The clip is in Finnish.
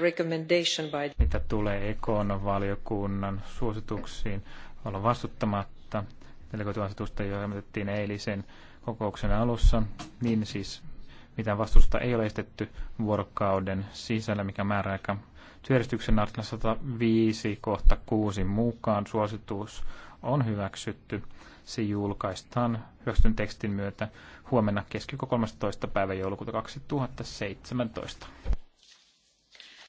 recommendation by... Mitä tulee Ekon valiokunnan suosituksiin, olla vastuttamatta delegoituasetusta, jo ilmoitettiin eilisen kokouksen alussa, niin siis mitään vastusta ei ole estetty vuorokauden sisällä, mikä määräaika työjärjestyksen artikla 105 kohta 6 mukaan suositus on hyväksytty. Se julkaistaan hyväksytyn tekstin myötä huomenna keskikko 13. päivä joulukuuta 2017.